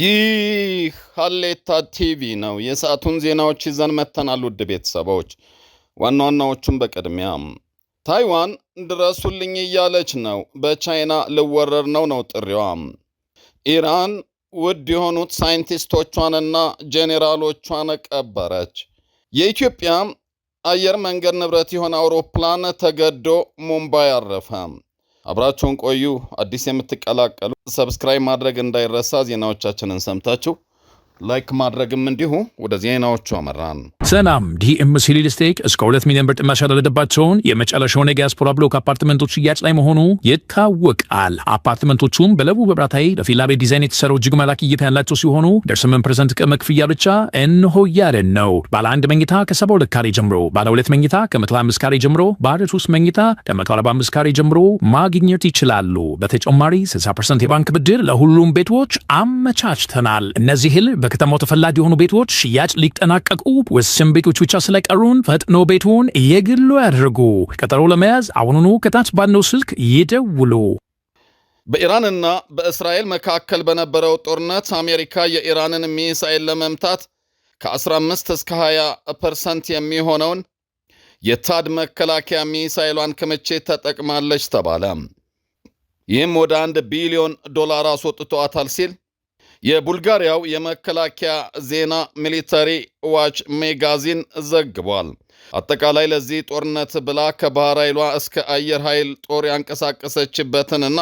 ይህ ሀሌታ ቲቪ ነው። የሰዓቱን ዜናዎች ይዘን መተናል። ውድ ቤተሰቦች ዋና ዋናዎቹን በቅድሚያ ታይዋን ድረሱልኝ እያለች ነው። በቻይና ልወረር ነው ነው ጥሪዋ። ኢራን ውድ የሆኑት ሳይንቲስቶቿንና ጄኔራሎቿን ቀበረች። የኢትዮጵያ አየር መንገድ ንብረት የሆነ አውሮፕላን ተገዶ ሙምባይ አረፈ። አብራችሁን ቆዩ። አዲስ የምትቀላቀሉ ሰብስክራይብ ማድረግ እንዳይረሳ፣ ዜናዎቻችንን ሰምታችሁ ላይክ ማድረግም እንዲሁ። ወደ ዜናዎቹ አመራን። ሰላም ዲኤምሲ ሪል ስቴት እስከ ሁለት ሚሊዮን ብር ጥመሻ ያደረደባቸውን የመጨረሻውን የዲያስፖራ ብሎክ አፓርትመንቶች ሽያጭ ላይ መሆኑ ይታወቃል። አፓርትመንቶቹም በለቡ በብራታዊ ቤት ዲዛይን የተሰራው እጅግ መላክ እይታ ያላቸው ሲሆኑ ደርስምን ፐርሰንት ቅድመ ክፍያ ብቻ እንሆ ያለን ነው። ባለ አንድ መኝታ ከሰባ ሁለት ካሬ ጀምሮ፣ ባለ ሁለት መኝታ ከመቶ አምስት ካሬ ጀምሮ፣ ባለ ሶስት መኝታ ከመቶ አርባ አምስት ካሬ ጀምሮ ማግኘት ይችላሉ። በተጨማሪ 60 ፐርሰንት የባንክ ብድር ለሁሉም ቤቶች አመቻችተናል። እነዚህል በከተማው ተፈላጊ የሆኑ ቤቶች ሽያጭ ሊጠናቀቁ ውስን ቤቶች ብቻ ስለቀሩን ፈጥኖ ቤቱን የግሉ ያድርጉ። ቀጠሮ ለመያዝ አሁኑኑ ከታች ባለው ስልክ ይደውሉ። በኢራንና በእስራኤል መካከል በነበረው ጦርነት አሜሪካ የኢራንን ሚሳኤል ለመምታት ከ15 እስከ 20 ፐርሰንት የሚሆነውን የታድ መከላከያ ሚሳኤሏን ክምችት ተጠቅማለች ተባለ። ይህም ወደ አንድ ቢሊዮን ዶላር አስወጥቷታል ሲል የቡልጋሪያው የመከላከያ ዜና ሚሊተሪ ዋች ሜጋዚን ዘግቧል። አጠቃላይ ለዚህ ጦርነት ብላ ከባህር ኃይሏ እስከ አየር ኃይል ጦር ያንቀሳቀሰችበትንና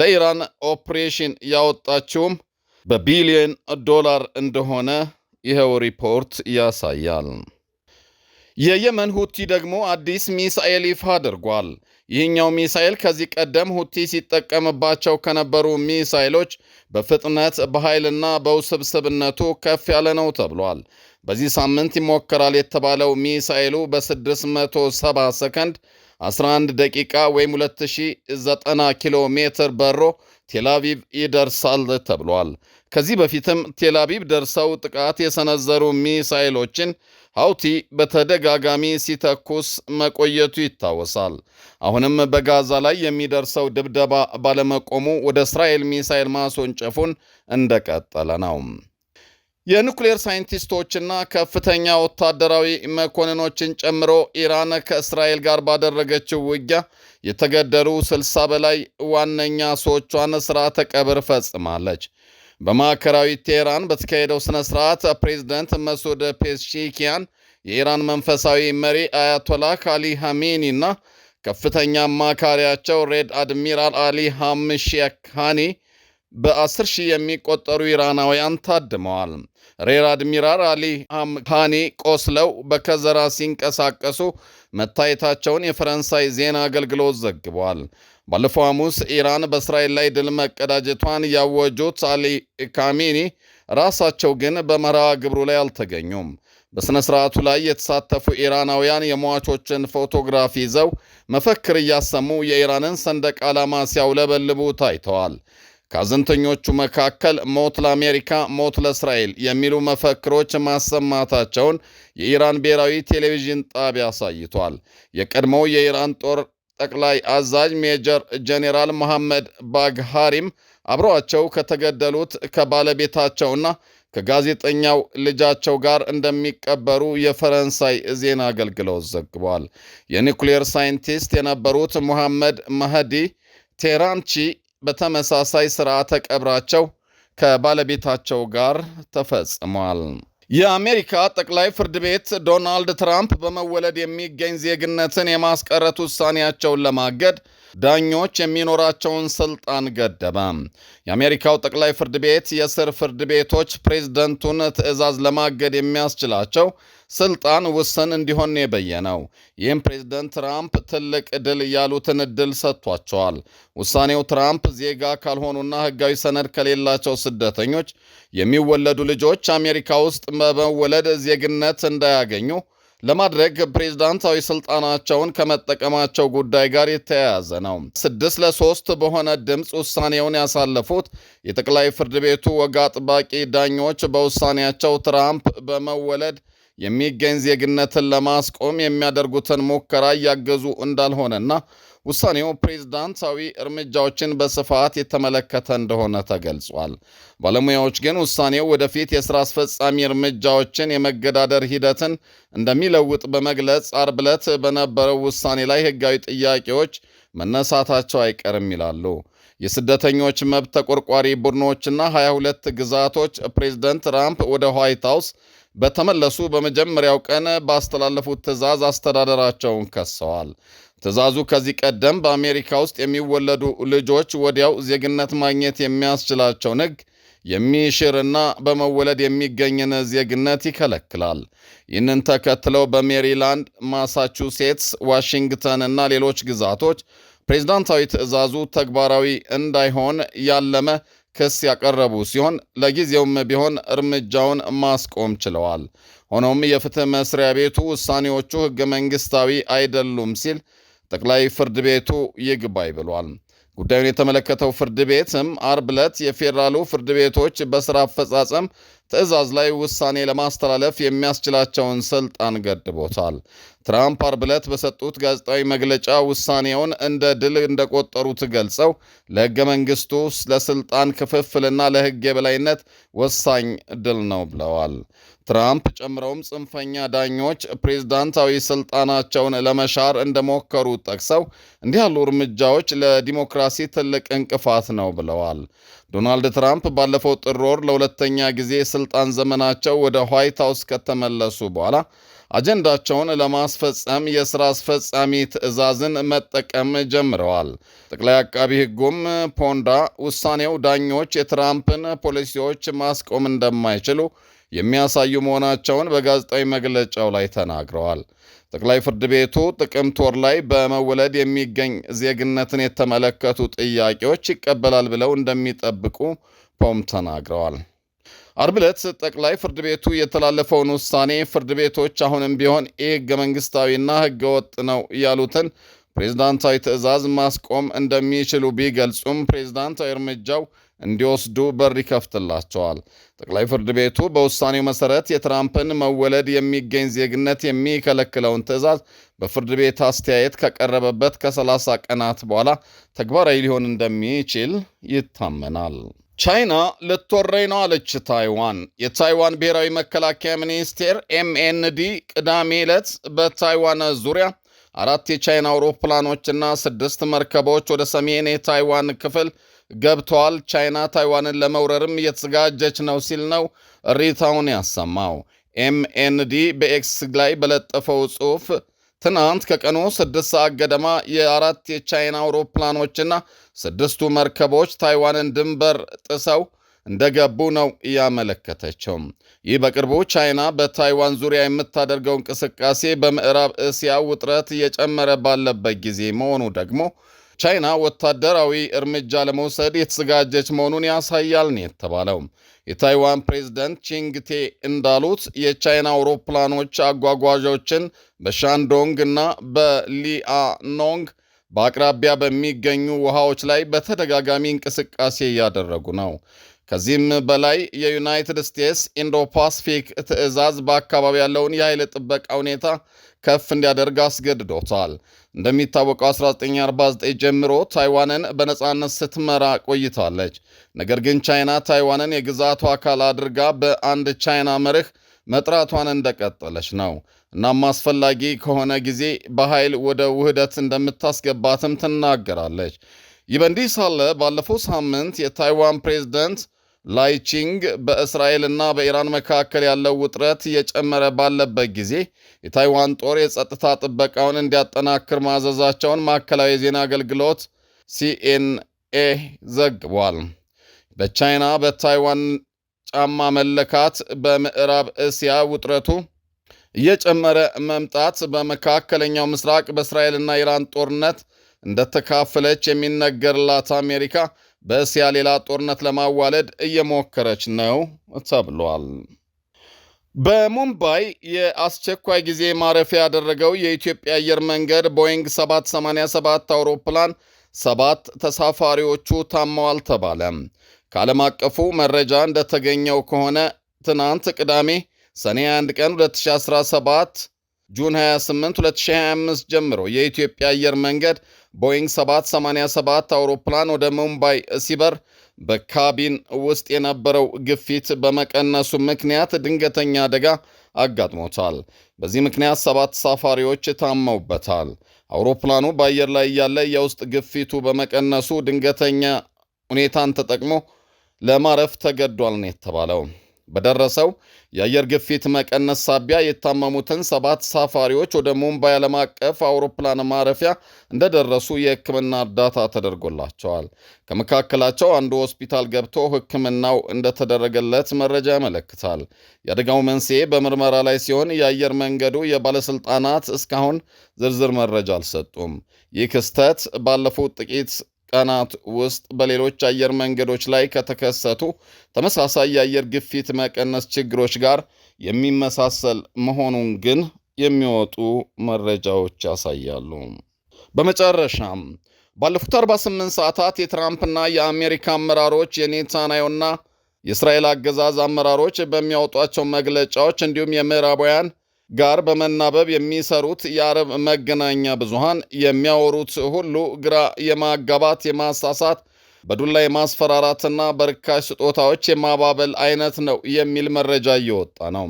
ለኢራን ኦፕሬሽን ያወጣችውም በቢሊዮን ዶላር እንደሆነ ይኸው ሪፖርት ያሳያል። የየመን ሁቲ ደግሞ አዲስ ሚሳኤል ይፋ አድርጓል። ይህኛው ሚሳኤል ከዚህ ቀደም ሁቲ ሲጠቀምባቸው ከነበሩ ሚሳይሎች በፍጥነት በኃይልና በውስብስብነቱ ከፍ ያለ ነው ተብሏል። በዚህ ሳምንት ይሞከራል የተባለው ሚሳኤሉ በ670 ሰከንድ 11 ደቂቃ ወይም 2090 ኪሎ ሜትር በሮ ቴላቪቭ ይደርሳል ተብሏል። ከዚህ በፊትም ቴላቪቭ ደርሰው ጥቃት የሰነዘሩ ሚሳይሎችን? ሀውቲ በተደጋጋሚ ሲተኩስ መቆየቱ ይታወሳል። አሁንም በጋዛ ላይ የሚደርሰው ድብደባ ባለመቆሙ ወደ እስራኤል ሚሳይል ማስወንጨፉን እንደቀጠለ ነው። የኑክሌር ሳይንቲስቶችና ከፍተኛ ወታደራዊ መኮንኖችን ጨምሮ ኢራን ከእስራኤል ጋር ባደረገችው ውጊያ የተገደሉ 60 በላይ ዋነኛ ሰዎቿን ስርዓተ ቀብር ፈጽማለች። በማዕከላዊ ቴህራን በተካሄደው ስነ ስርዓት ፕሬዚደንት መሱድ ፔስቺኪያን የኢራን መንፈሳዊ መሪ አያቶላህ አሊ ሐሜኒ እና ከፍተኛ አማካሪያቸው ሬድ አድሚራል አሊ ሐምሺያካኒ በአስር ሺህ የሚቆጠሩ ኢራናውያን ታድመዋል። ሬር አድሚራል አሊ ሀምካኒ ቆስለው በከዘራ ሲንቀሳቀሱ መታየታቸውን የፈረንሳይ ዜና አገልግሎት ዘግቧል። ባለፈው ሐሙስ ኢራን በእስራኤል ላይ ድል መቀዳጀቷን ያወጁት አሊ ካሜኒ ራሳቸው ግን በመርሃ ግብሩ ላይ አልተገኙም። በሥነ ሥርዓቱ ላይ የተሳተፉ ኢራናውያን የሟቾችን ፎቶግራፍ ይዘው መፈክር እያሰሙ የኢራንን ሰንደቅ ዓላማ ሲያውለበልቡ ታይተዋል። ከአዘንተኞቹ መካከል ሞት ለአሜሪካ፣ ሞት ለእስራኤል የሚሉ መፈክሮች ማሰማታቸውን የኢራን ብሔራዊ ቴሌቪዥን ጣቢያ አሳይቷል። የቀድሞው የኢራን ጦር ጠቅላይ አዛዥ ሜጀር ጄኔራል መሐመድ ባግሃሪም አብረዋቸው ከተገደሉት ከባለቤታቸውና ከጋዜጠኛው ልጃቸው ጋር እንደሚቀበሩ የፈረንሳይ ዜና አገልግሎት ዘግቧል። የኒውክሌር ሳይንቲስት የነበሩት ሙሐመድ መህዲ ቴራንቺ በተመሳሳይ ስርዓተ ቀብራቸው ከባለቤታቸው ጋር ተፈጽሟል። የአሜሪካ ጠቅላይ ፍርድ ቤት ዶናልድ ትራምፕ በመወለድ የሚገኝ ዜግነትን የማስቀረት ውሳኔያቸውን ለማገድ ዳኞች የሚኖራቸውን ስልጣን ገደበ። የአሜሪካው ጠቅላይ ፍርድ ቤት የስር ፍርድ ቤቶች ፕሬዝደንቱን ትዕዛዝ ለማገድ የሚያስችላቸው ስልጣን ውስን እንዲሆን የበየነው። ይህም ፕሬዝደንት ትራምፕ ትልቅ ድል ያሉትን እድል ሰጥቷቸዋል። ውሳኔው ትራምፕ ዜጋ ካልሆኑና ሕጋዊ ሰነድ ከሌላቸው ስደተኞች የሚወለዱ ልጆች አሜሪካ ውስጥ በመወለድ ዜግነት እንዳያገኙ ለማድረግ ፕሬዝዳንታዊ ስልጣናቸውን ከመጠቀማቸው ጉዳይ ጋር የተያያዘ ነው። ስድስት ለሶስት በሆነ ድምፅ ውሳኔውን ያሳለፉት የጠቅላይ ፍርድ ቤቱ ወግ አጥባቂ ዳኞች በውሳኔያቸው ትራምፕ በመወለድ የሚገኝ ዜግነትን ለማስቆም የሚያደርጉትን ሙከራ እያገዙ እንዳልሆነና ውሳኔው ፕሬዝዳንታዊ እርምጃዎችን በስፋት የተመለከተ እንደሆነ ተገልጿል። ባለሙያዎች ግን ውሳኔው ወደፊት የሥራ አስፈጻሚ እርምጃዎችን የመገዳደር ሂደትን እንደሚለውጥ በመግለጽ አርብ ዕለት በነበረው ውሳኔ ላይ ሕጋዊ ጥያቄዎች መነሳታቸው አይቀርም ይላሉ። የስደተኞች መብት ተቆርቋሪ ቡድኖችና 22 ግዛቶች ፕሬዝደንት ትራምፕ ወደ ዋይት ሃውስ በተመለሱ በመጀመሪያው ቀን ባስተላለፉት ትዕዛዝ አስተዳደራቸውን ከሰዋል። ትዕዛዙ ከዚህ ቀደም በአሜሪካ ውስጥ የሚወለዱ ልጆች ወዲያው ዜግነት ማግኘት የሚያስችላቸውን ሕግ የሚሽርና በመወለድ የሚገኝን ዜግነት ይከለክላል። ይህንን ተከትለው በሜሪላንድ፣ ማሳቹሴትስ፣ ዋሽንግተን እና ሌሎች ግዛቶች ፕሬዝዳንታዊ ትዕዛዙ ተግባራዊ እንዳይሆን ያለመ ክስ ያቀረቡ ሲሆን ለጊዜውም ቢሆን እርምጃውን ማስቆም ችለዋል። ሆኖም የፍትህ መስሪያ ቤቱ ውሳኔዎቹ ህገ መንግስታዊ አይደሉም ሲል ጠቅላይ ፍርድ ቤቱ ይግባይ ብሏል። ጉዳዩን የተመለከተው ፍርድ ቤትም አርብ ዕለት የፌዴራሉ ፍርድ ቤቶች በሥራ አፈጻጸም ትዕዛዝ ላይ ውሳኔ ለማስተላለፍ የሚያስችላቸውን ስልጣን ገድቦታል። ትራምፕ አርብ ዕለት በሰጡት ጋዜጣዊ መግለጫ ውሳኔውን እንደ ድል እንደቆጠሩት ገልጸው ለሕገ መንግሥቱ፣ ለስልጣን ክፍፍልና ለሕግ የበላይነት ወሳኝ ድል ነው ብለዋል። ትራምፕ ጨምረውም ጽንፈኛ ዳኞች ፕሬዝዳንታዊ ስልጣናቸውን ለመሻር እንደሞከሩ ጠቅሰው እንዲህ ያሉ እርምጃዎች ለዲሞክራሲ ትልቅ እንቅፋት ነው ብለዋል። ዶናልድ ትራምፕ ባለፈው ጥር ወር ለሁለተኛ ጊዜ የሥልጣን ዘመናቸው ወደ ዋይት ሃውስ ከተመለሱ በኋላ አጀንዳቸውን ለማስፈጸም የሥራ አስፈጻሚ ትዕዛዝን መጠቀም ጀምረዋል። ጠቅላይ አቃቢ ሕጉም ፖንዳ ውሳኔው ዳኞች የትራምፕን ፖሊሲዎች ማስቆም እንደማይችሉ የሚያሳዩ መሆናቸውን በጋዜጣዊ መግለጫው ላይ ተናግረዋል። ጠቅላይ ፍርድ ቤቱ ጥቅምት ወር ላይ በመወለድ የሚገኝ ዜግነትን የተመለከቱ ጥያቄዎች ይቀበላል ብለው እንደሚጠብቁ ፖም ተናግረዋል። አርብ ዕለት ጠቅላይ ፍርድ ቤቱ የተላለፈውን ውሳኔ ፍርድ ቤቶች አሁንም ቢሆን ይህ ሕገ መንግሥታዊና ወጥ ነው ያሉትን ፕሬዝዳንታዊ ትዕዛዝ ማስቆም እንደሚችሉ ቢገልጹም ፕሬዝዳንታዊ እርምጃው እንዲወስዱ በር ይከፍትላቸዋል። ጠቅላይ ፍርድ ቤቱ በውሳኔው መሠረት የትራምፕን መወለድ የሚገኝ ዜግነት የሚከለክለውን ትዕዛዝ በፍርድ ቤት አስተያየት ከቀረበበት ከ30 ቀናት በኋላ ተግባራዊ ሊሆን እንደሚችል ይታመናል። ቻይና ልትወረኝ ነው አለች ታይዋን። የታይዋን ብሔራዊ መከላከያ ሚኒስቴር ኤምኤንዲ ቅዳሜ ዕለት በታይዋን ዙሪያ አራት የቻይና አውሮፕላኖችና ስድስት መርከቦች ወደ ሰሜን የታይዋን ክፍል ገብተዋል። ቻይና ታይዋንን ለመውረርም እየተዘጋጀች ነው ሲል ነው እሪታውን ያሰማው። ኤምኤንዲ በኤክስ ላይ በለጠፈው ጽሑፍ ትናንት ከቀኑ ስድስት ሰዓት ገደማ የአራት የቻይና አውሮፕላኖችና ስድስቱ መርከቦች ታይዋንን ድንበር ጥሰው እንደገቡ ነው እያመለከተችው። ይህ በቅርቡ ቻይና በታይዋን ዙሪያ የምታደርገው እንቅስቃሴ በምዕራብ እስያ ውጥረት እየጨመረ ባለበት ጊዜ መሆኑ ደግሞ ቻይና ወታደራዊ እርምጃ ለመውሰድ የተዘጋጀች መሆኑን ያሳያል ነው የተባለው። የታይዋን ፕሬዝደንት ቺንግቴ እንዳሉት የቻይና አውሮፕላኖች አጓጓዦችን በሻንዶንግ እና በሊአኖንግ በአቅራቢያ በሚገኙ ውሃዎች ላይ በተደጋጋሚ እንቅስቃሴ እያደረጉ ነው። ከዚህም በላይ የዩናይትድ ስቴትስ ኢንዶ ፓስፊክ ትዕዛዝ በአካባቢ ያለውን የኃይል ጥበቃ ሁኔታ ከፍ እንዲያደርግ አስገድዶታል። እንደሚታወቀው 1949 ጀምሮ ታይዋንን በነፃነት ስትመራ ቆይታለች። ነገር ግን ቻይና ታይዋንን የግዛቱ አካል አድርጋ በአንድ ቻይና መርህ መጥራቷን እንደቀጠለች ነው። እናም አስፈላጊ ከሆነ ጊዜ በኃይል ወደ ውህደት እንደምታስገባትም ትናገራለች። ይህ በእንዲህ ሳለ ባለፈው ሳምንት የታይዋን ፕሬዚደንት ላይቺንግ በእስራኤልና በኢራን መካከል ያለው ውጥረት እየጨመረ ባለበት ጊዜ የታይዋን ጦር የጸጥታ ጥበቃውን እንዲያጠናክር ማዘዛቸውን ማዕከላዊ የዜና አገልግሎት ሲኤንኤ ዘግቧል። በቻይና በታይዋን ጫማ መለካት በምዕራብ እስያ ውጥረቱ እየጨመረ መምጣት በመካከለኛው ምስራቅ በእስራኤልና ኢራን ጦርነት እንደተካፈለች የሚነገርላት አሜሪካ በእስያ ሌላ ጦርነት ለማዋለድ እየሞከረች ነው ተብሏል። በሙምባይ የአስቸኳይ ጊዜ ማረፊያ ያደረገው የኢትዮጵያ አየር መንገድ ቦይንግ 787 አውሮፕላን ሰባት ተሳፋሪዎቹ ታመዋል ተባለ። ከዓለም አቀፉ መረጃ እንደተገኘው ከሆነ ትናንት ቅዳሜ ሰኔ 1 ቀን 2017 ጁን 28 2025 ጀምሮ የኢትዮጵያ አየር መንገድ ቦይንግ 787 አውሮፕላን ወደ ሙምባይ ሲበር በካቢን ውስጥ የነበረው ግፊት በመቀነሱ ምክንያት ድንገተኛ አደጋ አጋጥሞታል። በዚህ ምክንያት ሰባት ሳፋሪዎች ታመውበታል። አውሮፕላኑ በአየር ላይ እያለ የውስጥ ግፊቱ በመቀነሱ ድንገተኛ ሁኔታን ተጠቅሞ ለማረፍ ተገዷል ነው የተባለው። በደረሰው የአየር ግፊት መቀነስ ሳቢያ የታመሙትን ሰባት ሳፋሪዎች ወደ ሙምባይ ዓለም አቀፍ አውሮፕላን ማረፊያ እንደደረሱ የሕክምና እርዳታ ተደርጎላቸዋል። ከመካከላቸው አንዱ ሆስፒታል ገብቶ ሕክምናው እንደተደረገለት መረጃ ያመለክታል። የአደጋው መንስኤ በምርመራ ላይ ሲሆን የአየር መንገዱ የባለሥልጣናት እስካሁን ዝርዝር መረጃ አልሰጡም። ይህ ክስተት ባለፉት ጥቂት ቀናት ውስጥ በሌሎች አየር መንገዶች ላይ ከተከሰቱ ተመሳሳይ የአየር ግፊት መቀነስ ችግሮች ጋር የሚመሳሰል መሆኑን ግን የሚወጡ መረጃዎች ያሳያሉ። በመጨረሻም ባለፉት 48 ሰዓታት የትራምፕና የአሜሪካ አመራሮች የኔታንያሁና የእስራኤል አገዛዝ አመራሮች በሚያወጧቸው መግለጫዎች እንዲሁም የምዕራባውያን ጋር በመናበብ የሚሰሩት የአረብ መገናኛ ብዙሃን የሚያወሩት ሁሉ ግራ የማጋባት የማሳሳት በዱላ የማስፈራራትና በርካሽ ስጦታዎች የማባበል አይነት ነው የሚል መረጃ እየወጣ ነው።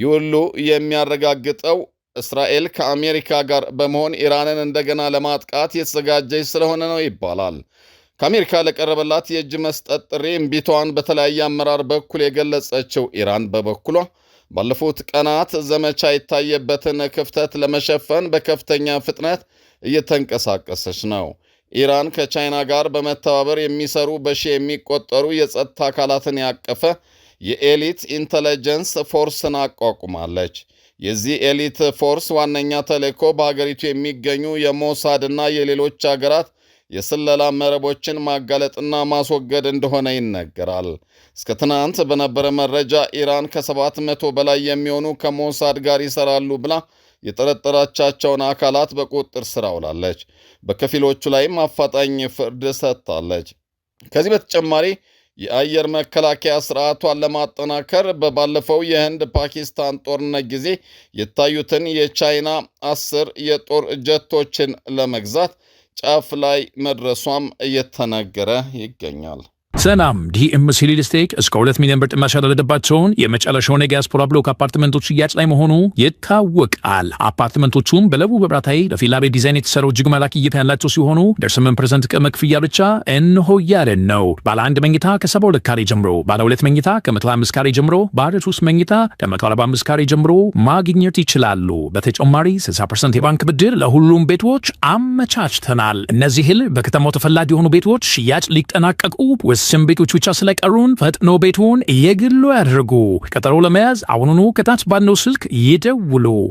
ይህ ሁሉ የሚያረጋግጠው እስራኤል ከአሜሪካ ጋር በመሆን ኢራንን እንደገና ለማጥቃት የተዘጋጀች ስለሆነ ነው ይባላል። ከአሜሪካ ለቀረበላት የእጅ መስጠት ጥሪ እምቢቷን በተለያየ አመራር በኩል የገለጸችው ኢራን በበኩሏ ባለፉት ቀናት ዘመቻ የታየበትን ክፍተት ለመሸፈን በከፍተኛ ፍጥነት እየተንቀሳቀሰች ነው። ኢራን ከቻይና ጋር በመተባበር የሚሰሩ በሺ የሚቆጠሩ የጸጥታ አካላትን ያቀፈ የኤሊት ኢንተለጀንስ ፎርስን አቋቁማለች። የዚህ ኤሊት ፎርስ ዋነኛ ተልዕኮ በሀገሪቱ የሚገኙ የሞሳድና የሌሎች አገራት የስለላ መረቦችን ማጋለጥና ማስወገድ እንደሆነ ይነገራል። እስከ ትናንት በነበረ መረጃ ኢራን ከሰባት መቶ በላይ የሚሆኑ ከሞሳድ ጋር ይሰራሉ ብላ የጠረጠራቻቸውን አካላት በቁጥጥር ስር አውላለች። በከፊሎቹ ላይም አፋጣኝ ፍርድ ሰጥታለች። ከዚህ በተጨማሪ የአየር መከላከያ ስርዓቷን ለማጠናከር በባለፈው የህንድ ፓኪስታን ጦርነት ጊዜ የታዩትን የቻይና አስር የጦር ጀቶችን ለመግዛት ጫፍ ላይ መድረሷም እየተነገረ ይገኛል። ሰላም ዲኤምሲ ሪል ስቴት እስከ ሁለት ሚሊዮን ብር ጥማሽ ያደረገባቸውን የመጨረሻውን የዲያስፖራ ብሎክ አፓርትመንቶች ሽያጭ ላይ መሆኑ ይታወቃል። አፓርትመንቶቹም በለቡ በብራታይ ለፊላ ቤት ዲዛይን የተሰሩ እጅግ ማራኪ እይታ ያላቸው ሲሆኑ ደርስምን ፐርሰንት ቅድመ ክፍያ ብቻ እንሆ ያለን ነው። ባለ አንድ መኝታ ከ72 ካሬ ጀምሮ፣ ባለ ሁለት መኝታ ከመቶ አምስት ካሬ ጀምሮ፣ ባለ ሶስት መኝታ አርባ አምስት ካሬ ጀምሮ ማግኘት ይችላሉ። በተጨማሪ 60 ፐርሰንት የባንክ ብድር ለሁሉም ቤቶች አመቻችተናል። እነዚህል በከተማው ተፈላጊ የሆኑ ቤቶች ሽያጭ ሊጠናቀቁ ወስ ውስን ቤቶች ብቻ ስለቀሩን ፈጥኖ ቤቱን የግሉ ያድርጉ። ቀጠሮ ለመያዝ አሁኑኑ ከታች ባለው ስልክ ይደውሉ።